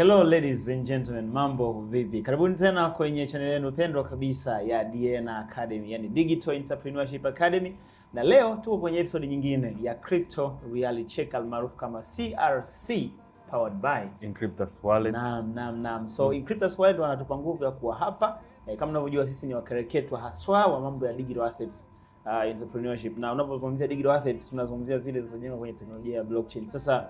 Hello ladies and gentlemen, mambo vipi? Karibuni tena kwenye channel yenu pendwa kabisa ya DNA Academy, yani Digital Entrepreneurship Academy, na leo tuko kwenye episode nyingine ya Crypto Reality Check almaarufu kama CRC powered by Encryptus Wallet. Naam, naam, naam. So hmm. Encryptus Wallet wanatupa nguvu ya kuwa hapa e, kama unavyojua sisi ni wakereketwa haswa wa mambo ya digital assets uh, entrepreneurship, na unapozungumzia digital assets tunazungumzia zile zilizojengwa kwenye teknolojia ya blockchain. Sasa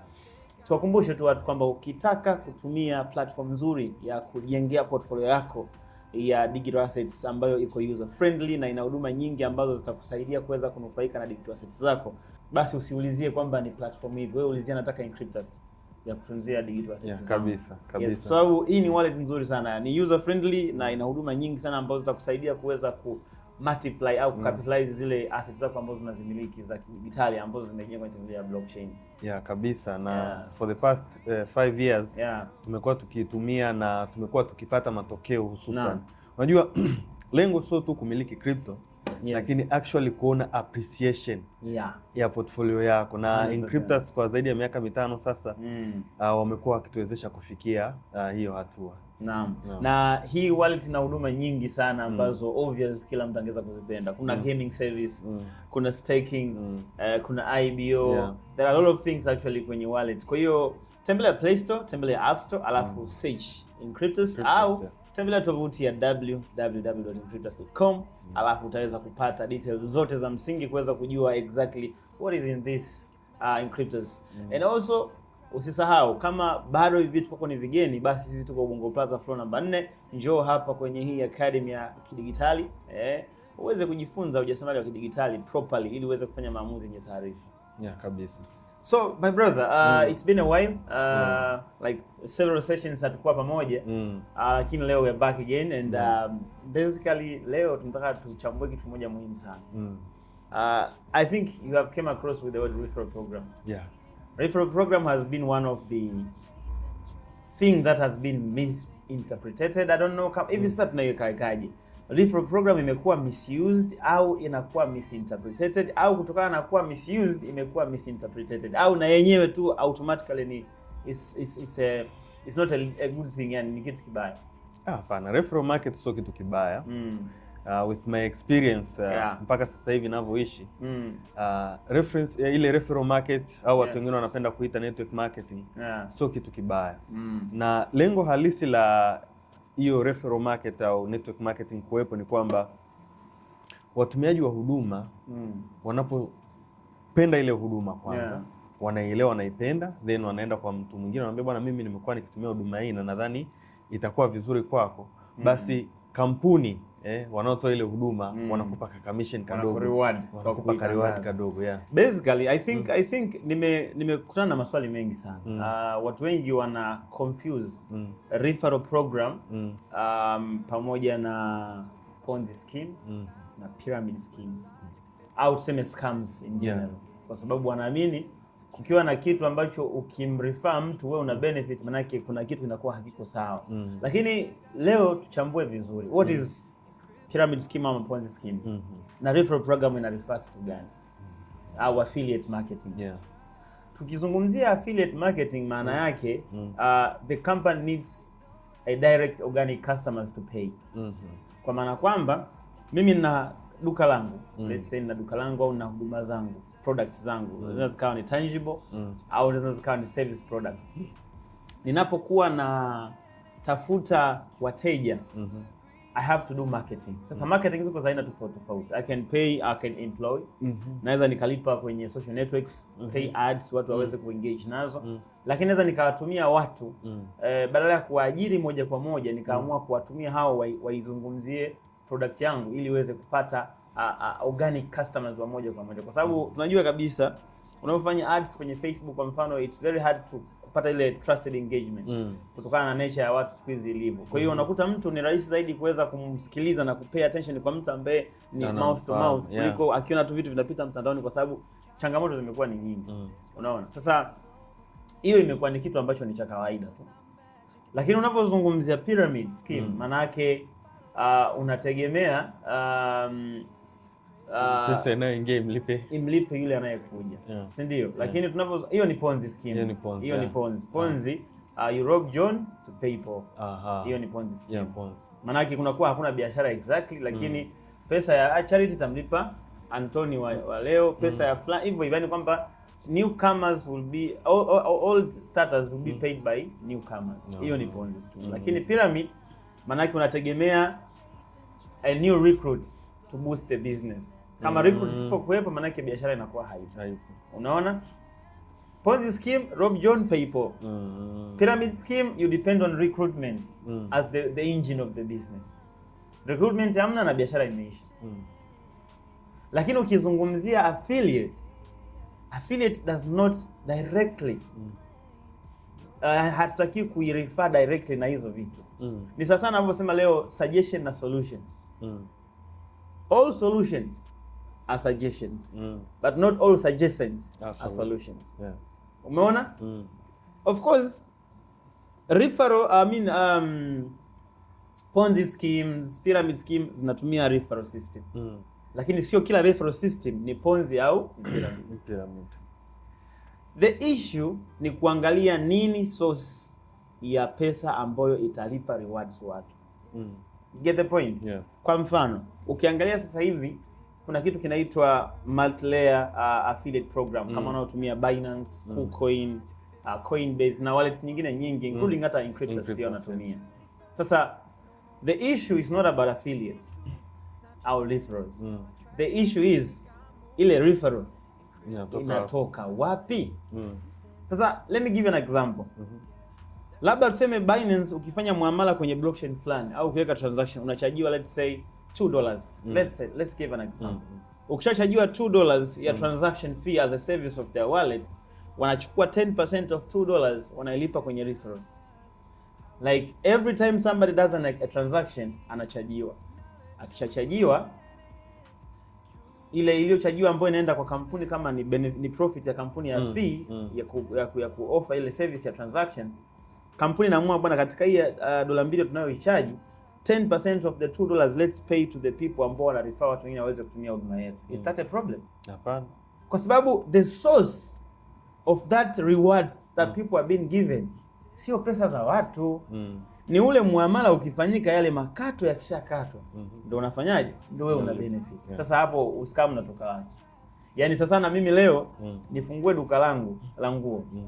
Tuwakumbushe tu watu kwamba ukitaka kutumia platform nzuri ya kujengea portfolio yako ya digital assets ambayo iko user friendly na ina huduma nyingi ambazo zitakusaidia kuweza kunufaika na digital assets zako, basi usiulizie kwamba ni platform hivi. Wewe ulizia nataka Inkryptus ya kutunzia digital assets yeah, kabisa kabisa, kwa sababu hii ni wallet nzuri sana, ni user friendly na ina huduma nyingi sana ambazo zitakusaidia kuweza ku multiply au mm. capitalize zile assets zako ambazo unazimiliki za kidigitali ambazo zimeingia kwenye teknolojia ya blockchain. Yeah, kabisa na yeah. For the past uh, five years yeah. Tumekuwa tukitumia na tumekuwa tukipata matokeo hususan, unajua lengo sio tu kumiliki crypto Yes. Lakini actually kuona appreciation yeah. ya portfolio yako na mm, Inkryptus kwa zaidi ya miaka mitano sasa mm. uh, wamekuwa wakituwezesha kufikia uh, hiyo hatua. Naam. Na hii wallet ina huduma nyingi sana mm. ambazo mm. obvious kila mtu angeza kuzipenda. Kuna mm. gaming service, mm. kuna staking, mm. uh, kuna IBO. Yeah. There are a lot of things actually kwenye wallet. Kwa hiyo tembelea Play Store, tembelea App Store, alafu mm. search Inkryptus au yeah. tembelea tovuti ya www.inkryptus.com mm. alafu utaweza kupata details zote za msingi kuweza kujua exactly what is in this uh, Inkryptus. Mm. And also Usisahau kama bado hivi vitu kwako ni vigeni, basi sisi tuko Ubongo Plaza floor namba 4. Njoo hapa kwenye hii academy ya kidigitali eh, uweze kujifunza ujasiriamali wa kidigitali properly, ili uweze kufanya maamuzi yenye taarifa. Yeah, kabisa. So my brother, uh, mm. it's been a while uh, mm. like several sessions hatukuwa pamoja mm. uh, lakini leo we back again and mm. um, basically leo tunataka tuchambue kitu moja muhimu sana mm. uh, I think you have came across with the word referral program. Yeah. Referral program has been one of the thing that has been misinterpreted. I don't know hivi mm. sasa tunaikaekaje. Referral program imekuwa misused au inakuwa misinterpreted au kutokana na kuwa misused imekuwa misinterpreted au na yenyewe tu automatically ni it's, it's, it's a, it's not a, a good thing yani ni kitu kibaya. Ah, hapana, referral market sio kitu kibaya. Mm uh, with my experience uh, yeah. mpaka sasa hivi ninavyoishi mm. uh, reference uh, ile referral market au watu wengine yeah. wanapenda kuita network marketing yeah. sio kitu kibaya mm. na lengo halisi la hiyo referral market au network marketing kuwepo ni kwamba watumiaji wa huduma mm. wanapopenda ile huduma kwanza yeah. wanaielewa, wanaipenda, then wanaenda kwa mtu mwingine, wanaambia bwana, mimi nimekuwa nikitumia huduma hii na nadhani itakuwa vizuri kwako, mm. basi mm. kampuni eh, wanaotoa ile huduma mm. wanakupa commission kadogo, wanakupa reward kadogo yeah. Basically I think mm. I think nime nimekutana na maswali mengi sana mm. uh, watu wengi wana confuse mm. referral program mm. um, pamoja na ponzi schemes mm. na pyramid schemes mm. au tuseme scams in general yeah. kwa sababu wanaamini kukiwa na kitu ambacho ukimrifaa mtu wewe una benefit, manake kuna kitu inakuwa hakiko sawa mm. Lakini leo tuchambue vizuri what mm. is pyramid scheme ama ponzi schemes mm -hmm. na referral program ina refer kitu gani mm -hmm. au affiliate marketing yeah. Tukizungumzia affiliate marketing maana mm -hmm. yake mm -hmm. uh, the company needs a direct organic customers to pay mm -hmm. kwa maana kwamba mimi nina duka langu mm -hmm. let's say nina duka langu au na huduma zangu products zangu mm -hmm. zinaweza zikawa ni tangible mm -hmm. au zinaweza zikawa ni service products ninapokuwa na tafuta wateja mm -hmm I have to do marketing. Sasa mm. marketing ziko za aina tofauti tofauti. I can pay, I can employ. Mm -hmm. Naweza nikalipa kwenye social networks, mm -hmm. pay ads, watu mm. waweze mm -hmm. kuengage nazo. Mm -hmm. Lakini naweza nikawatumia watu mm -hmm. eh, badala ya kuwaajiri moja kwa moja nikaamua mm -hmm. kuwatumia hao waizungumzie product yangu ili iweze kupata a, a, organic customers wa moja kwa moja. Kwa sababu mm -hmm. tunajua kabisa unapofanya ads kwenye Facebook kwa mfano it's very hard to kupata ile trusted engagement mm. kutokana na nature ya watu siku hizi ilivyo. Kwa hiyo mm. unakuta mtu ni rahisi zaidi kuweza kumsikiliza na kupay attention kwa mtu ambaye ni Tana, mouth to mouth um, kuliko akiona tu vitu vinapita mtandaoni, kwa sababu changamoto zimekuwa ni nyingi mm. unaona. Sasa hiyo imekuwa ni kitu ambacho ni cha kawaida tu, lakini unapozungumzia pyramid scheme mm. maana yake uh, unategemea um, Uh, imlipe imlipe yule anayekuja, yeah. si ndio? yeah. Lakini hiyo ni ponzi scheme, hiyo ni ponzi, hiyo ni ponzi ponzi uh, you rob John to pay Paul. Aha, hiyo ni ponzi scheme yeah, ponzi. Maanake kunakuwa hakuna biashara exactly, lakini mm. pesa ya charity tamlipa Anthony wa, wa leo pesa mm. ya fla hivyo, ivani kwamba newcomers will be all, all, old starters will be mm. paid by newcomers. Hiyo no. ni ponzi scheme mm. Lakini pyramid maanake unategemea a new recruit to boost the business kama mm. recruit isipokuwepo, maana yake biashara inakuwa haipo. Unaona? Ponzi scheme, Rob John paypo. Mm. Pyramid scheme, you depend on recruitment mm. as the, the engine of the business. Recruitment hamna na biashara imeisha. Mm. Lakini ukizungumzia affiliate, affiliate does not directly mm. Uh, hatutaki kuirefer directly na hizo vitu mm. Ni sasa sana leo suggestion na solutions mm. All solutions are suggestions mm. but not all suggestions Absolutely. Ah, are solutions yeah. Umeona mm. Of course referral, I mean, um, Ponzi schemes, pyramid scheme zinatumia referral system mm. Lakini sio kila referral system ni Ponzi au pyramid. The issue ni kuangalia nini source ya pesa ambayo italipa rewards watu mm. Get the point yeah. Kwa mfano ukiangalia sasa hivi kuna kitu kinaitwa multi-layer uh, affiliate program mm. kama unaotumia Binance, mm. KuCoin, uh, Coinbase na wallets nyingine nyingi mm. including hata mm. Inkryptus pia wanatumia. Sasa the issue is not about affiliate au referrals. Mm. The issue is ile referral inatoka, inatoka wapi? Mm. Sasa let me give you an example. Mm -hmm. Labda tuseme Binance ukifanya muamala kwenye blockchain fulani au ukiweka transaction unachajiwa let's say two dollars mm. let's say let's give an example mm. mm. ukishachajiwa dollars ya mm. transaction fee as a service of their wallet wanachukua 10% of dollars wanailipa kwenye referrals like every time somebody does an, a transaction anachajiwa akishachajiwa ile iliyochajiwa ambayo inaenda kwa kampuni kama ni, ni profit ya kampuni ya mm, fees mm. ya ku, ya, ku, ya kuofa ile service ya transactions, kampuni inaamua bwana, katika hii uh, dola mbili tunayoichaji 10% of the two dollars let's pay to the people ambao wana refer watu wengine waweze kutumia huduma yetu. Is mm. that a problem? Hapana. Kwa sababu the source of that rewards that mm. people are being given sio pesa za watu mm. ni ule muamala ukifanyika, yale makato yakishakatwa mm -hmm. ndio unafanyaje, ndio wewe una mm-hmm. benefit yeah. Sasa hapo uskamu natoka wapi? Yaani sasa na mimi leo mm. nifungue duka langu la nguo mm.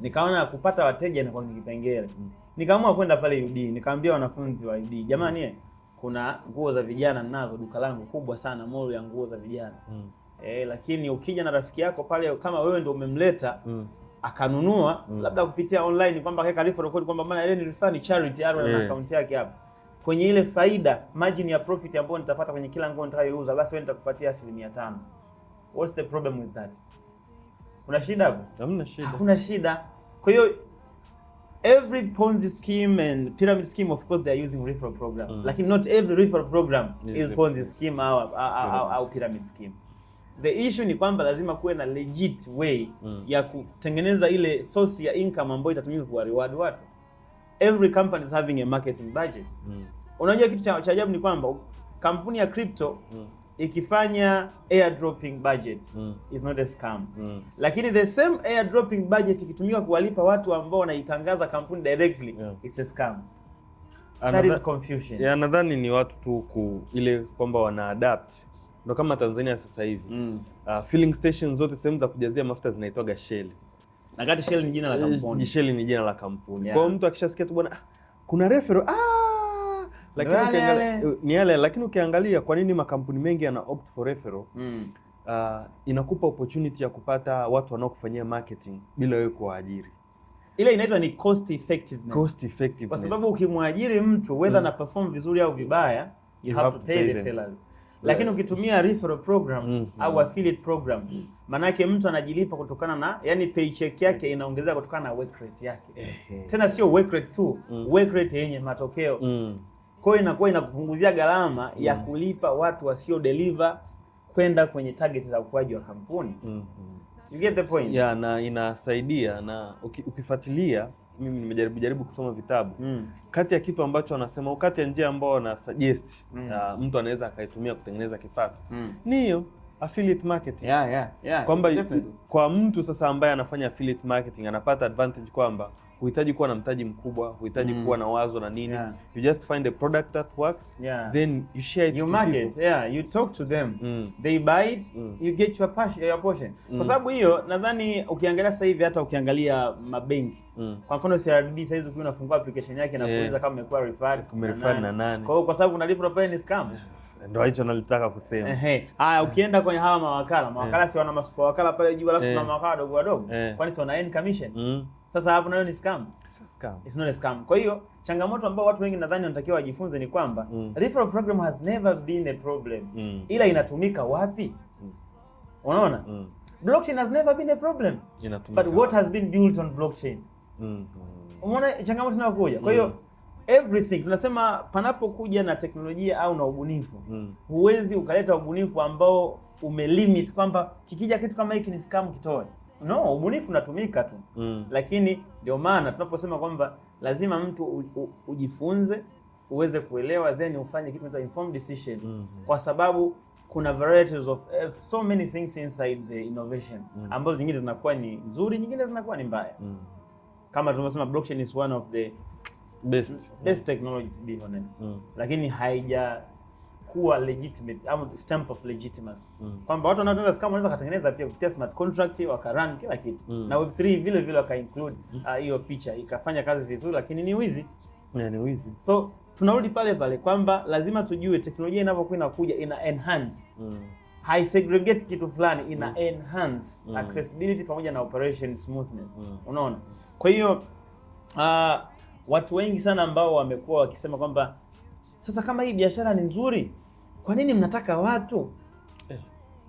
nikaona kupata wateja na kwa kipengele mm Nikaamua kwenda pale UD, nikaambia wanafunzi wa UD, jamani mm. kuna nguo za vijana ninazo duka langu kubwa sana, mall ya nguo za vijana. Mm. Eh, lakini ukija na rafiki yako pale kama wewe ndio umemleta mm. akanunua mm. labda kupitia online kwamba kaka Khalifa rekodi kwamba bana ile nilifaa ni charity au yeah. na eh. account yake hapo Kwenye ile faida margin ya profit ambayo nitapata kwenye kila nguo nitakayouza, basi wewe nitakupatia 5%. What's the problem with that? Kuna shida hapo? Hamna shida. Hakuna shida. Kwa hiyo every Ponzi scheme and pyramid scheme, of course, they are using referral program. Mm. Like not every referral program yes, is Ponzi scheme au, au, au, au pyramid scheme. The issue ni kwamba lazima kuwe na legit way mm. ya kutengeneza ile source ya income ambayo itatumika kuwa reward watu. Every company is having a marketing budget. Mm. Unajua kitu cha ajabu ni kwamba kampuni ya crypto mm ikifanya airdropping budget mm. is not a scam mm. Lakini the same airdropping budget ikitumika kuwalipa watu ambao wanaitangaza kampuni directly yeah. It's a scam. Ah, That is confusion. Ya nadhani ni watu tu ku ile kwamba wana adapt ndo kama Tanzania sasa hivi mm. Uh, filling stations zote sehemu za kujazia mafuta zinaitwaga Shell. Na kati Shell ni jina la eh, kampuni. Shell ni jina la kampuni. Yeah. Kwa mtu akishasikia tu bwana ah, kuna referral ah lakini ukiangalia, ni yale lakini ukiangalia kwa nini makampuni mengi yana opt for referral mm. Uh, inakupa opportunity ya kupata watu wanaokufanyia marketing bila wewe kuwaajiri. Ile inaitwa ni cost effectiveness. Cost effectiveness. Kwa sababu ukimwajiri mtu whether mm. na perform vizuri au vibaya you have, have to pay, pay the salary. Lakini ukitumia referral program mm -hmm. au affiliate program mm. maanake mtu anajilipa kutokana na yani paycheck yake inaongezeka kutokana na work rate yake. Tena sio work rate tu, mm. work rate yenye matokeo. Mm. Kwa hiyo inakuwa inakupunguzia gharama mm. ya kulipa watu wasio deliver kwenda kwenye target za ukuaji wa kampuni mm -hmm. you get the point? Yeah, na inasaidia na ukifuatilia mimi nimejaribu jaribu kusoma vitabu mm. Kati ya kitu ambacho wanasema, kati ya njia ambao wana suggest mm. uh, mtu anaweza akaitumia kutengeneza kipato mm. ni hiyo affiliate marketing yeah, yeah, yeah, kwamba kwa mtu sasa ambaye anafanya affiliate marketing anapata advantage kwamba huhitaji kuwa na mtaji mkubwa, huhitaji mm. kuwa na wazo na nini yeah. you just find a product that works yeah. then you share it you to market people. yeah you talk to them mm. they buy it mm. you get your portion, your portion. Mm. Kwa sababu hiyo nadhani ukiangalia sasa hivi hata ukiangalia mabenki mm. kwa mfano CRDB sasa hizi unafungua application yake na kuuliza yeah. kama imekuwa referred na nani, kwa hiyo kwa sababu unalipa pale ni scam ndo hicho nalitaka kusema. Ehe. Haya, eh. ukienda kwenye hawa mawakala, eh. mawakala si wana masupa wakala pale juu, alafu eh. na mawakala wadogo wadogo, kwani si wana earn commission? Mm. Sasa hapo nayo ni scam. Scam. It's not a scam. Kwa hiyo changamoto ambayo watu wengi nadhani wanatakiwa wajifunze ni kwamba mm. referral program has never been a problem. Mm. Ila inatumika wapi? Mm. Unaona? Mm. Blockchain has never been a problem. Inatumika. But what has been built on blockchain? Mm. Umeona changamoto inayokuja. Kwa hiyo mm everything tunasema, panapokuja na teknolojia au na ubunifu mm. huwezi ukaleta ubunifu ambao umelimit kwamba kikija kitu kama hiki ni scam kitoe. No, ubunifu unatumika tu mm. lakini ndio maana tunaposema kwamba lazima mtu u, u, ujifunze uweze kuelewa then ufanye kitu informed decision mm. -hmm. kwa sababu kuna varieties of uh, so many things inside the innovation mm. ambazo nyingine zinakuwa ni nzuri, nyingine zinakuwa ni mbaya mm. kama tunavyosema blockchain is one of the best best technology to be honest mm. Lakini kuwa legitimate au stamp of legitimacy mm. Kwamba watu wanaotengeneza kama wanaweza katengeneza pia kupitia smart contract run kila kitu mm. Na web3 vile vile waka include mm. uh, hiyo uh, feature ikafanya kazi vizuri, lakini ni wizi yeah, ni wizi so tunarudi pale pale kwamba lazima tujue teknolojia inapokuwa inakuja ina enhance mm. segregate kitu fulani ina mm. enhance mm. accessibility pamoja na operation smoothness mm. Unaona, kwa hiyo uh, watu wengi sana ambao wamekuwa wakisema kwamba sasa kama hii biashara ni nzuri, kwa nini mnataka watu? Eh.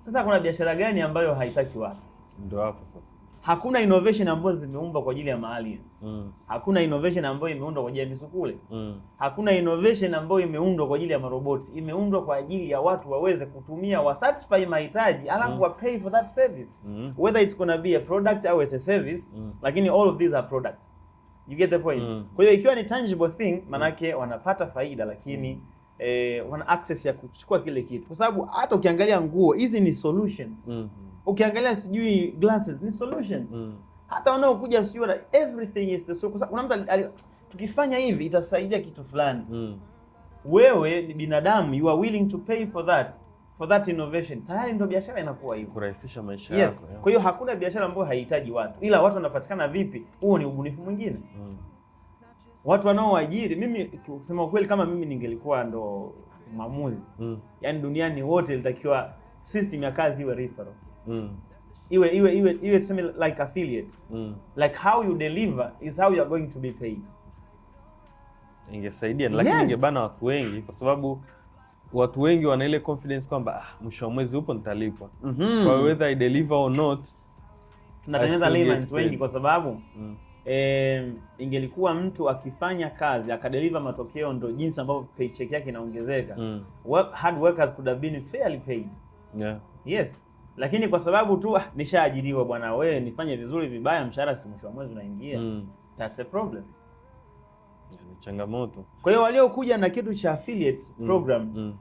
Sasa kuna biashara gani ambayo haitaki watu? Ndio hapo sasa. Hakuna innovation ambazo zimeumbwa kwa ajili ya maaliens. Mm. Hakuna innovation ambayo imeundwa kwa ajili ya misukule. Mm. Hakuna innovation ambayo imeundwa kwa ajili ya maroboti. Imeundwa kwa ajili ya watu waweze kutumia wa satisfy mahitaji alafu mm. wa pay for that service. Mm. Whether it's gonna be a product au it's a service, mm. lakini all of these are products. Mm. You get the point. Mm. Kwa hiyo ikiwa ni tangible thing, manake wanapata faida lakini Eh, wana access ya kuchukua kile kitu kwa sababu hata ukiangalia nguo hizi ni solutions. mm -hmm. Ukiangalia sijui glasses ni solutions. mm -hmm. Hata wanaokuja sijui wana everything is the so, kwa sababu kuna mtu tukifanya hivi itasaidia kitu fulani. mm -hmm. Wewe ni binadamu, you are willing to pay for that for that innovation tayari ndio biashara inakuwa hivyo, kurahisisha maisha yes. yako. Kwa hiyo hakuna biashara ambayo haihitaji watu, ila watu wanapatikana vipi? Huo ni ubunifu mwingine mm. watu wanaoajiri. Mimi kusema kweli, kama mimi ningelikuwa ndo mwamuzi mm. yani duniani wote ilitakiwa system ya kazi iwe referral mm. iwe iwe iwe iwe tuseme like affiliate mm. like how you deliver is how you are going to be paid. Ingesaidia, lakini yes. ingebana watu wengi kwa sababu watu wengi wana ile confidence kwamba ah, mwisho wa mwezi upo nitalipwa. mm -hmm. Kwa whether I deliver or not, tunatengeneza layman wengi kwa sababu mm. E, ingelikuwa mtu akifanya kazi akadeliver matokeo ndo jinsi ambavyo paycheck yake inaongezeka. mm. Work, hard workers could have been fairly paid. Yeah. Yes, lakini kwa sababu tu ah, nishaajiriwa bwana, wewe nifanye vizuri vibaya, mshahara si mwisho wa mwezi unaingia. mm. That's a problem changamoto. Kwa hiyo waliokuja na kitu cha affiliate mm, program mm. Mm.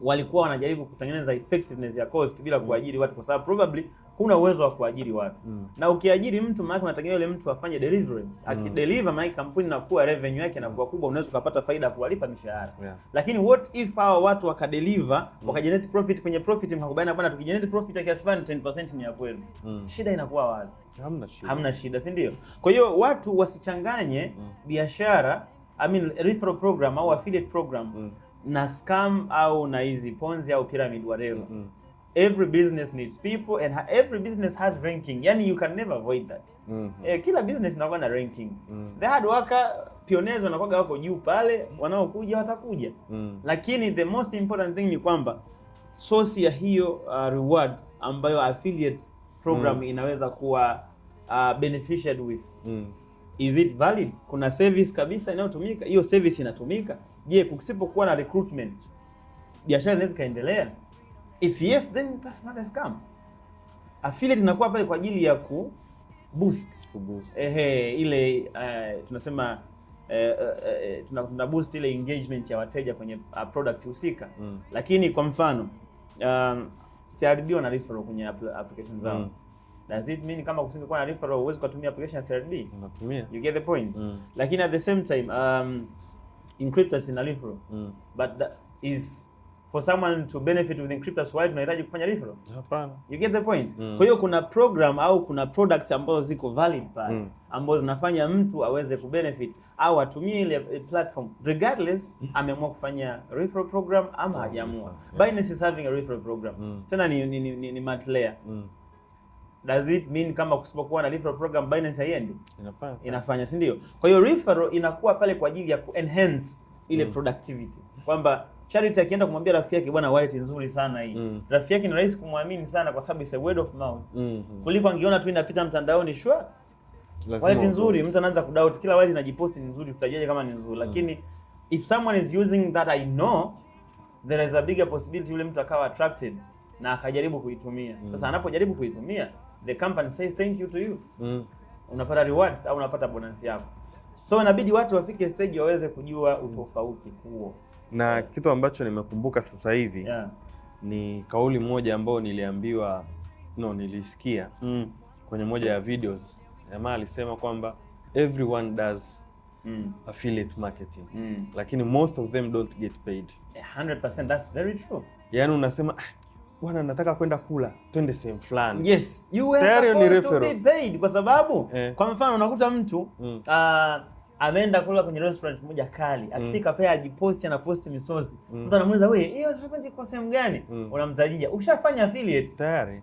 walikuwa wanajaribu kutengeneza effectiveness ya cost bila mm. kuajiri watu, kwa sababu probably huna uwezo wa kuajiri watu mm. na ukiajiri mtu maana unategemea yule mtu afanye deliverance mm. akideliver, maana kampuni inakuwa revenue yake inakuwa kubwa, unaweza ukapata faida ya kuwalipa mishahara yeah. Lakini what if hawa watu wakadeliver mm. wakagenerate profit, kwenye profit mkakubaliana, bwana, tukigenerate profit ya kiasi fulani 10% ni ya kweli mm. shida inakuwa wapi? Hamna shida, hamna shida, si ndio? Kwa hiyo watu wasichanganye mm. biashara I mean referral program au affiliate program mm. na scam au na hizi ponzi au pyramid whatever mm -hmm. Every business needs people and every business has ranking. Yani you can never avoid that. Mm -hmm. Eh, kila business inakuwa na ranking. Mm -hmm. The hard worker pioneers wanakuwa wako juu pale, wanaokuja watakuja. Mm -hmm. Lakini the most important thing ni kwamba source ya hiyo uh, rewards ambayo affiliate program mm -hmm. inaweza kuwa uh, beneficiated with. Mm -hmm. Is it valid? Kuna service kabisa inayotumika? Hiyo service inatumika? Je, kusipokuwa na recruitment biashara inaweza ikaendelea? If yes then that's not a scam. Affiliate inakuwa pale kwa ajili ya ku boost, ku boost. Ehe, ile uh, tunasema uh, uh, tuna, tuna boost ile engagement ya wateja kwenye uh, product husika mm. Lakini kwa mfano um, CRB wana referral kwenye application zao mm. Does it mean kama kusingekuwa na referral huwezi kutumia application ya CRDB? Unatumia. You get the point? Mm. Lakini at the same time um encryptors ina referral. Mm. But that is for someone to benefit with encryptors why tunahitaji kufanya referral? Hapana. You get the point? Mm. Kwa hiyo kuna program au kuna products ambazo ziko valid pa mm. ambazo zinafanya mtu aweze kubenefit au atumie ile eh, platform regardless mm. ameamua kufanya referral program ama mm. hajaamua. Mm. Yeah. Binance is having a referral program. Mm. Tena ni ni, ni, ni, ni Matlea. Mm does it mean kama kusipokuwa na referral program Binance haiendi? Inafanya, inafanya si ndio? Kwa hiyo referral inakuwa pale kwa ajili ya kuenhance ile mm. productivity kwamba Charity akienda kumwambia rafiki yake bwana, White nzuri sana hii mm. rafiki yake ni rahisi kumwamini sana, kwa sababu it's a word of mouth mm -hmm. kuliko angeona tu inapita mtandaoni sure. Lazima wallet nzuri, mtu anaanza kudoubt kila wallet inajiposti ni nzuri, tutajuaje kama ni nzuri? Mm. Lakini mm. if someone is using that I know there is a bigger possibility yule mtu akawa attracted na akajaribu kuitumia mm. Sasa anapojaribu kuitumia the company says thank you to you mm. Unapata rewards au unapata bonus yako, so inabidi watu wafike stage waweze kujua utofauti huo, na kitu ambacho nimekumbuka sasa hivi yeah. Ni kauli moja ambayo niliambiwa no, nilisikia mm. kwenye moja ya videos jamaa alisema kwamba everyone does mm. affiliate marketing mm. lakini most of them don't get paid 100%, that's very true. Yani unasema ah, bwana, nataka kwenda kula, twende sehemu fulani. Yes, you were supposed to be paid kwa sababu eh. Kwa mfano unakuta mtu mm. uh, ameenda kula kwenye restaurant moja kali, mm. akifika mm. pale ajiposti, ana post misozi mm. mtu anamuuliza wewe, hiyo restaurant iko sehemu gani? mm. Unamtajia, ushafanya affiliate tayari.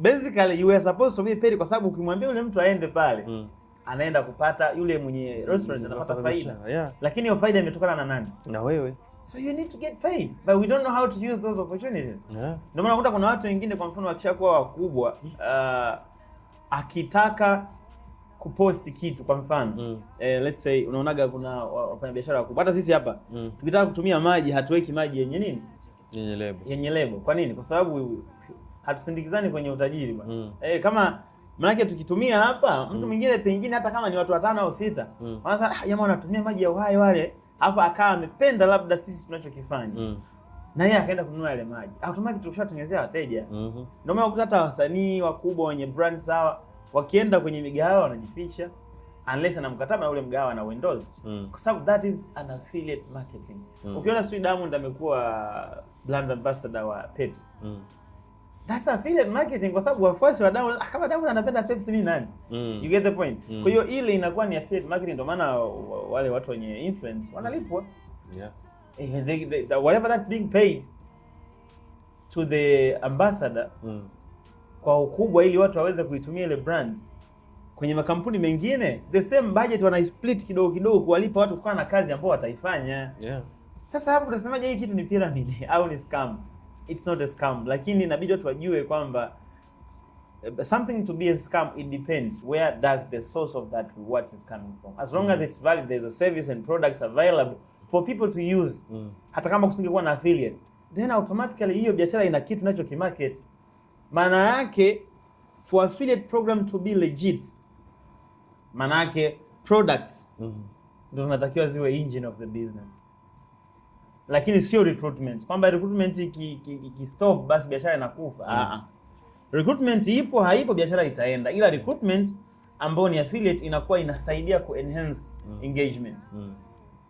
Basically you were supposed to be paid kwa sababu ukimwambia yule mtu aende pale mm. anaenda kupata yule mwenye restaurant mm. anapata faida yeah. Lakini hiyo faida imetokana na nani? Na wewe So you need to get paid but we don't know how to use those opportunities. Ndio maana unakuta kuna watu wengine kwa mfano wakishakuwa wakubwa uh, akitaka kupost kitu kwa mfano mm. Eh, let's say unaonaga kuna wafanyabiashara wakubwa hata sisi hapa mm. tukitaka kutumia maji hatuweki maji yenye nini yenye lebo yenye lebo. Kwa nini? Kwa sababu hatusindikizani kwenye utajiri bwana mm. Eh, kama manake tukitumia hapa mtu mm. mwingine mm. pengine hata kama ni watu watano au sita mm. wanasema ah, jamaa wanatumia maji ya uhai wale alafu akawa amependa labda sisi tunachokifanya mm. na yeye akaenda kununua yale maji automatic tulishatengenezea wateja mm -hmm. Ndio maana ukuta hata wasanii wakubwa wenye brand sawa wakienda kwenye migahawa wanajificha unless ana mkataba na ule mgahawa na windows mm. kwa sababu that is an affiliate marketing mm. Ukiona sijui Diamond amekuwa brand ambassador wa Pepsi mm. Sasa vile marketing kwa sababu wafuasi wa Diamond ah, kama Diamond anapenda Pepsi ni nani? Mm. You get the point. Mm. Kwa hiyo ile inakuwa ni affiliate marketing ndio maana wale watu wenye influence wanalipwa. Yeah. Eh, they, they, the, whatever that's being paid to the ambassador mm. kwa ukubwa ili watu waweze kuitumia ile brand kwenye makampuni mengine the same budget wana split kidogo kidogo kuwalipa watu kutokana na kazi ambao wataifanya. Yeah. Sasa hapo unasemaje hii kitu ni pyramid au ni scam? it's not a scam, lakini inabidi watu wajue kwamba eh, something to be a scam it depends where does the source of that rewards is coming from as long mm. as mm-hmm. it's valid there's a service and products available for people to use mm. hata kama kusingekuwa na affiliate then automatically hiyo biashara ina kitu nacho kimarket maana yake for affiliate program to be legit maana yake products mm-hmm. ndio mm. zinatakiwa ziwe engine of the business mm lakini sio recruitment kwamba recruitment ikistop basi biashara inakufa. mm. Ah, ah, Recruitment ipo haipo, biashara itaenda, ila recruitment ambayo ni affiliate inakuwa inasaidia ku enhance mm. engagement mm.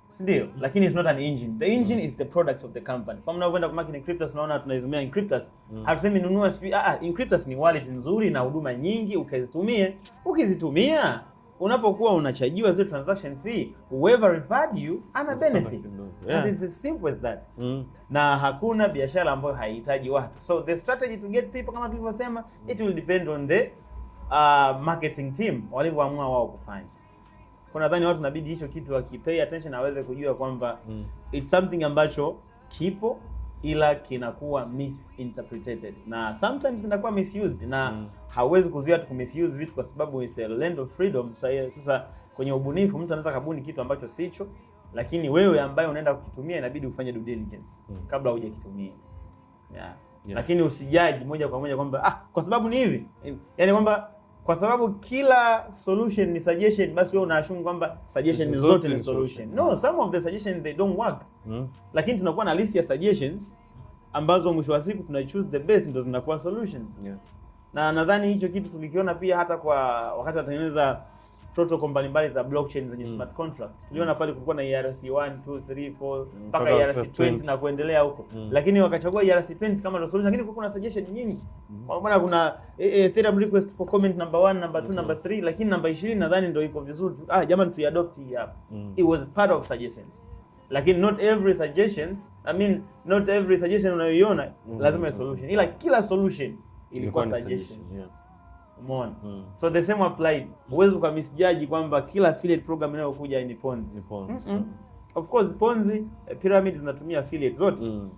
si ndio? Mm. Lakini it's not an engine, the mm. engine mm. is the products of the company. Kama mnavyoenda kwa marketing Cryptus, unaona tunaizumia Cryptus mm. hatusemi nunua sijui ah, ah Cryptus ni wallet nzuri na huduma nyingi, ukazitumie ukizitumia unapokuwa unachajiwa zile transaction fee, whoever referred you ana benefit yeah. That is as simple as that mm. Na hakuna biashara ambayo haihitaji watu, so the strategy to get people kama tulivyosema, it will depend on the uh, marketing team walivyoamua wao kufanya. Kwa nadhani watu nabidi hicho kitu wakipay attention aweze kujua kwamba mm. it's something ambacho kipo ila kinakuwa misinterpreted na sometimes kinakuwa misused na mm. hauwezi kuzuia tu kumisuse vitu kwa sababu is a land of freedom. Sasa, sasa kwenye ubunifu mtu anaweza kabuni kitu ambacho sicho, lakini wewe ambaye unaenda kukitumia inabidi ufanye due diligence mm. kabla hujakitumia yeah. yeah. Lakini usijaji moja kwa moja kwamba ah, kwa sababu ni hivi, yani kwamba kwa sababu kila solution ni suggestion, basi wewe unaashumu kwamba suggestion zote ni solution. No, some of the suggestions they don't work mm. Lakini tunakuwa na list ya suggestions ambazo mwisho wa siku tuna choose the best ndio zinakuwa solutions yeah. Na nadhani hicho kitu tulikiona pia hata kwa wakati tunatengeneza protocol mbalimbali za blockchain zenye mm. smart contract tuliona mm. pale kulikuwa na ERC1 2 3 4 mpaka ERC20 na kuendelea huko mm. lakini wakachagua ERC20 kama solution, lakini kulikuwa na suggestion nyingi mm. kwa mm. maana kuna eh, eh, Ethereum request for comment number 1 number 2 mm. number 3 lakini namba 20 nadhani ndio ipo vizuri. Ah, jamani tu adopt hii hapa mm. it was part of suggestions lakini not every suggestions I mean not every suggestion unayoiona mm. lazima ni solution, ila kila solution ilikuwa suggestion, suggestion. Yeah. Umeona? Mm. So the same applied. Huwezi ukamisjaji kwamba kila affiliate program inayokuja ni ponzi. Ni ponzi. Mm -mm. Of course ponzi eh, pyramid zinatumia affiliate zote. Mm.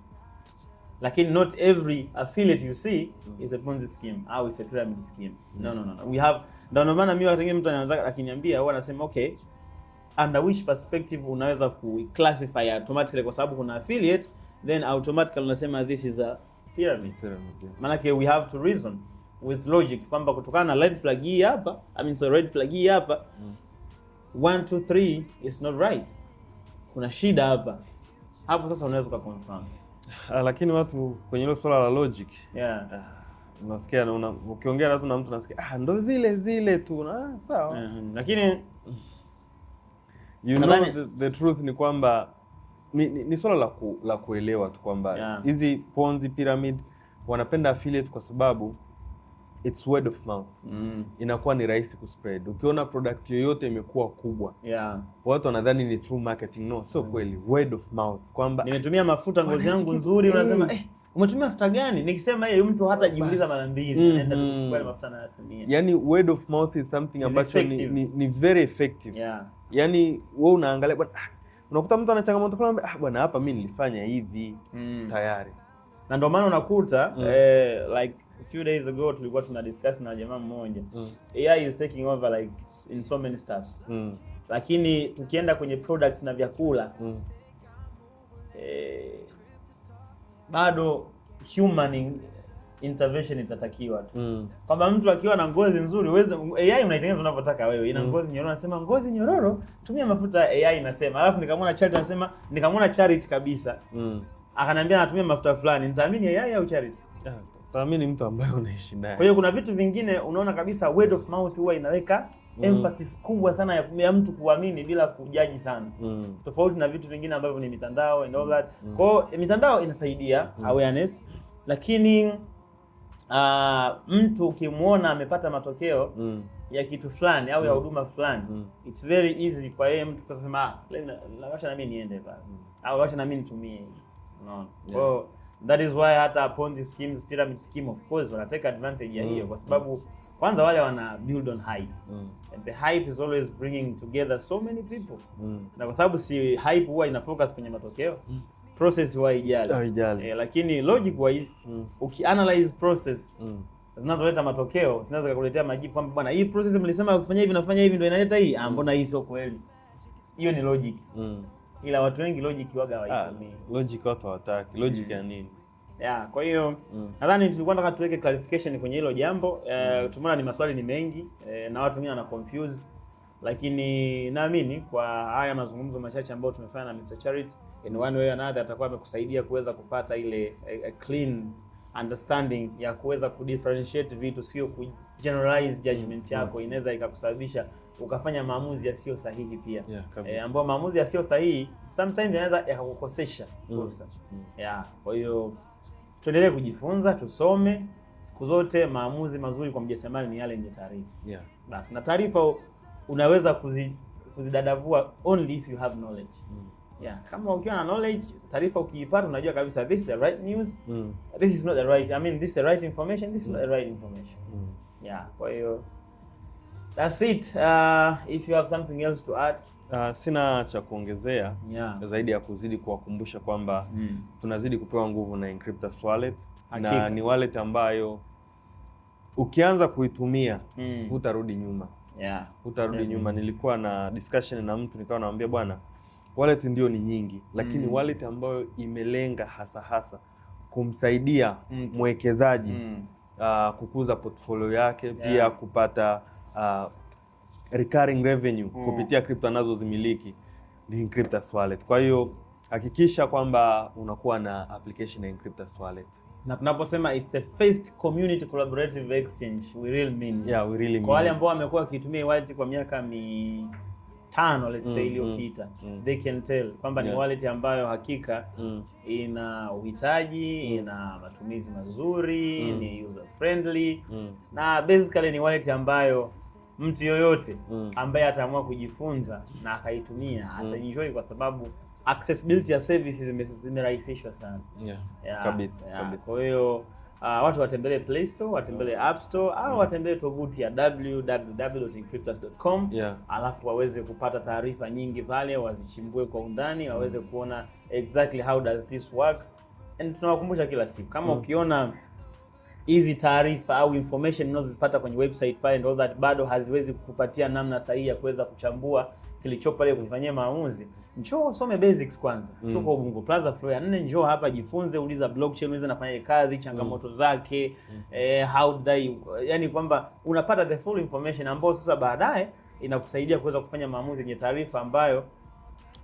Lakini not every affiliate you see mm. is a ponzi scheme au is a pyramid scheme. Mm. No, no, no. We have ndio maana mimi wakati mtu anaanza akiniambia au anasema okay, under which perspective unaweza ku classify automatically kwa sababu kuna affiliate then automatically unasema this is a pyramid. Pyramid. Yeah. Maana we have to reason. Mm with logics kwamba kutokana na red flag hii hapa, I mean so red flag hii hapa 1 2 3 is not right, kuna shida hapa hapo. Sasa unaweza ka confirm ah, lakini watu kwenye hilo swala la logic yeah. Ah, unasikia na ukiongea na watu na mtu unasikia ah, ndo zile zile tu na ah, sawa. mm -hmm. Lakini you know the, the truth ni kwamba ni, ni, ni swala la, ku, la kuelewa tu kwamba hizi yeah. ponzi pyramid wanapenda affiliate kwa sababu it's word of mouth mm. Inakuwa ni rahisi kuspread. Ukiona product yoyote imekuwa kubwa yeah. Watu wanadhani ni through marketing, no, sio mm. Kweli, word of mouth kwamba nimetumia mafuta ngozi yangu nzuri, unasema eh, umetumia mafuta gani? Nikisema eh, yeye mtu hata oh, jiuliza mara mbili, anaenda mm, mm. kuchukua ile mafuta anayotumia. Yani word of mouth is something ambacho ni, ni, ni very effective yeah. Yani wewe unaangalia bwana, ah, unakuta mtu ana changamoto fulani, ah bwana, hapa mimi nilifanya hivi mm. tayari, na ndio maana unakuta mm. eh, like few days ago tulikuwa tuna discuss na jamaa mmoja mm. AI is taking over like in so many stuffs mm. Lakini tukienda kwenye products na vyakula mm. eh, bado human intervention itatakiwa tu mm. Kwamba mtu akiwa na ngozi nzuri uweze, AI unaitengeneza unavyotaka wewe, ina mm. ngozi mm. nyororo, nasema ngozi nyororo, tumia mafuta ya AI inasema. Alafu nikamwona Charity anasema, nikamwona Charity kabisa mm. Akaniambia anatumia mafuta fulani, nitaamini AI au Charity? yeah. Sasa mimi ni mtu ambaye unaishi naye. Kwa hiyo kuna vitu vingine unaona kabisa word of mouth huwa inaweka mm. emphasis kubwa sana ya, ya mtu kuamini bila kujaji sana. Mm. Tofauti na vitu vingine ambavyo ni mitandao and all that. Mm. Kwa hiyo mitandao inasaidia mm. awareness lakini uh, mtu ukimwona amepata matokeo mm. ya kitu fulani au mm. ya huduma fulani mm. it's very easy kwa yeye mtu kusema ah, wacha na na, na mimi niende pale. Mm. Au washa na mimi nitumie. Unaona? Yeah. Kwa That is why hata Ponzi schemes, pyramid scheme of course wanateka advantage ya hiyo, mm. kwa sababu kwanza wale wana build on hype mm. and the hype is always bringing together so many people mm. na kwa sababu si hype huwa ina focus kwenye matokeo mm. process huwa ijali eh, lakini logic wise mm. ukianalyze process mm. zinazoleta matokeo zinaweza kukuletea majibu kwamba bwana, hii process mlisema kufanya hivi nafanya hivi ndio inaleta hii, ah, mbona hii sio kweli. Hiyo ni logic mm ila watu wengi logic waga ah, hawaitumii. Logic watu hawataki logic ya mm. nini? Yeah, kwa hiyo mm. nadhani tulikuwa nataka tuweke clarification kwenye hilo jambo e, eh, mm. tumeona ni maswali ni mengi e, na watu wengine wana confuse, lakini naamini kwa haya mazungumzo machache ambayo tumefanya na Mr. Charity in one way or another atakuwa amekusaidia kuweza kupata ile a, eh, a clean understanding ya kuweza kudifferentiate vitu, sio kugeneralize judgment mm. yako, inaweza ikakusababisha ukafanya maamuzi yasiyo sahihi pia yeah, e, eh, ambayo maamuzi yasiyo sahihi sometimes yanaweza yakakukosesha mm. fursa mm. yeah. Kwa hiyo tuendelee kujifunza, tusome siku zote. Maamuzi mazuri kwa mjasiriamali ni yale yenye taarifa yeah. Basi na taarifa unaweza kuzi, kuzidadavua only if you have knowledge mm. Yeah, kama ukiwa na knowledge taarifa ukiipata, unajua kabisa this is the right news mm. This is not the right I mean this is the right information this is mm. not the mm. right information mm. Yeah, kwa hiyo That's it. Uh, if you have something else to add. Uh, sina cha kuongezea yeah, zaidi ya kuzidi kuwakumbusha kwamba mm, tunazidi kupewa nguvu na Encryptus wallet na ni wallet ambayo ukianza kuitumia mm, hutarudi nyuma yeah, hutarudi mm nyuma. Nilikuwa na discussion na mtu nikawa namwambia bwana, wallet ndio ni nyingi, lakini mm, wallet ambayo imelenga hasa hasa kumsaidia mm, mwekezaji mm, uh, kukuza portfolio yake yeah, pia kupata uh, recurring revenue mm. kupitia crypto anazozimiliki ni Inkryptus wallet. Kwa hiyo hakikisha kwamba unakuwa na application ya Inkryptus wallet. Na tunaposema it's the first community collaborative exchange, we really mean. Yeah, we really mean. Kwa wale ambao wamekuwa wakitumia wallet kwa miaka mi tano let's mm, say iliyopita mm, mm, mm. They can tell kwamba yeah. Ni wallet ambayo hakika mm. ina uhitaji mm. ina matumizi mazuri mm. ni user friendly mm. na basically ni wallet ambayo mtu yoyote mm. ambaye ataamua kujifunza na akaitumia mm. ataenjoy kwa sababu accessibility ya services zimerahisishwa sana. Yeah, yeah, kabisa, yeah. Kabisa. Kwa hiyo uh, watu watembele Play Store, watembelee mm. App Store au watembele tovuti ya www.inkryptus.com yeah. Alafu waweze kupata taarifa nyingi pale, wazichimbue kwa undani, waweze kuona exactly how does this work and tunawakumbusha kila siku kama mm. ukiona hizi taarifa au information unazozipata kwenye website pale and all that bado haziwezi kukupatia namna sahihi ya kuweza kuchambua kilicho pale kufanyia maamuzi, njoo usome basics kwanza. Mm. Tuko Ubungo Plaza floor ya 4, njoo hapa jifunze, uliza blockchain unaweza nafanyaje kazi, changamoto mm. zake mm. Eh, how they yani kwamba unapata the full information ambayo sasa baadaye inakusaidia kuweza kufanya maamuzi yenye taarifa ambayo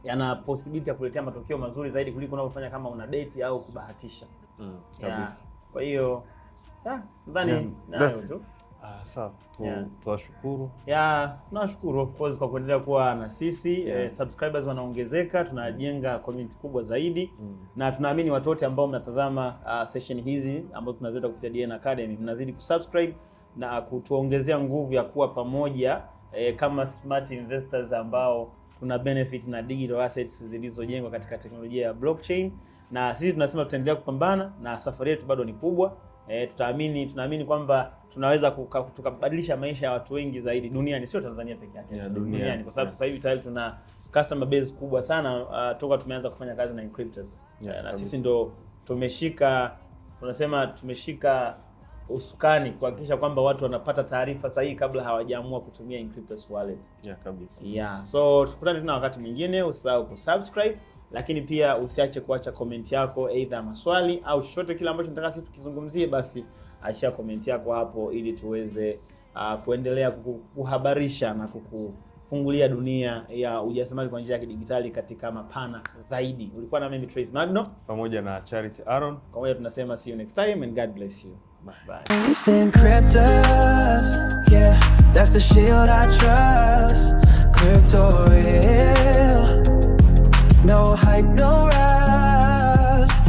yana possibility ya kuletea matokeo mazuri zaidi kuliko unavyofanya kama una date au kubahatisha. Mm, kabisa. Kwa hiyo Ah, ah, sawa, Tunawashukuru of course kwa kuendelea kuwa na sisi eh, yeah. Eh, subscribers wanaongezeka, tunajenga community kubwa zaidi mm. na tunaamini watu wote ambao mnatazama uh, session hizi ambazo tunazileta kupitia DN Academy mnazidi kusubscribe na kutuongezea nguvu ya kuwa pamoja eh, kama smart investors ambao tuna benefit na digital assets zilizojengwa katika teknolojia ya blockchain, na sisi tunasema tutaendelea kupambana na safari yetu bado ni kubwa e, tutaamini tunaamini kwamba tunaweza tukabadilisha maisha ya watu wengi zaidi duniani, sio Tanzania peke yake yeah, duniani, dunia. kwa sababu sasa hivi tayari tuna customer base kubwa sana uh, toka tumeanza kufanya kazi na Inkryptus yeah, na sisi ndo tumeshika tunasema tumeshika usukani kuhakikisha kwamba watu wanapata taarifa sahihi kabla hawajaamua kutumia Inkryptus wallet. Yeah, kabisa. Yeah, so tukutane tena wakati mwingine, usisahau kusubscribe lakini pia usiache kuacha komenti yako, aidha maswali au chochote kile ambacho nataka sisi tukizungumzie, basi acha komenti yako hapo ili tuweze uh, kuendelea kuhabarisha na kukufungulia dunia ya ujasiriamali kwa njia ya kidijitali katika mapana zaidi. Ulikuwa na mimi Trace Magno pamoja na Charity Aaron, pamoja tunasema see you next time and God bless you. Bye. Bye. no hype, no rest.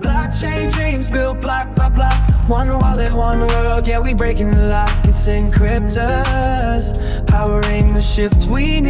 Blockchain dreams built block by block. One wallet, one world, yeah, we breaking the lock. It's encryptors, powering the shift we need.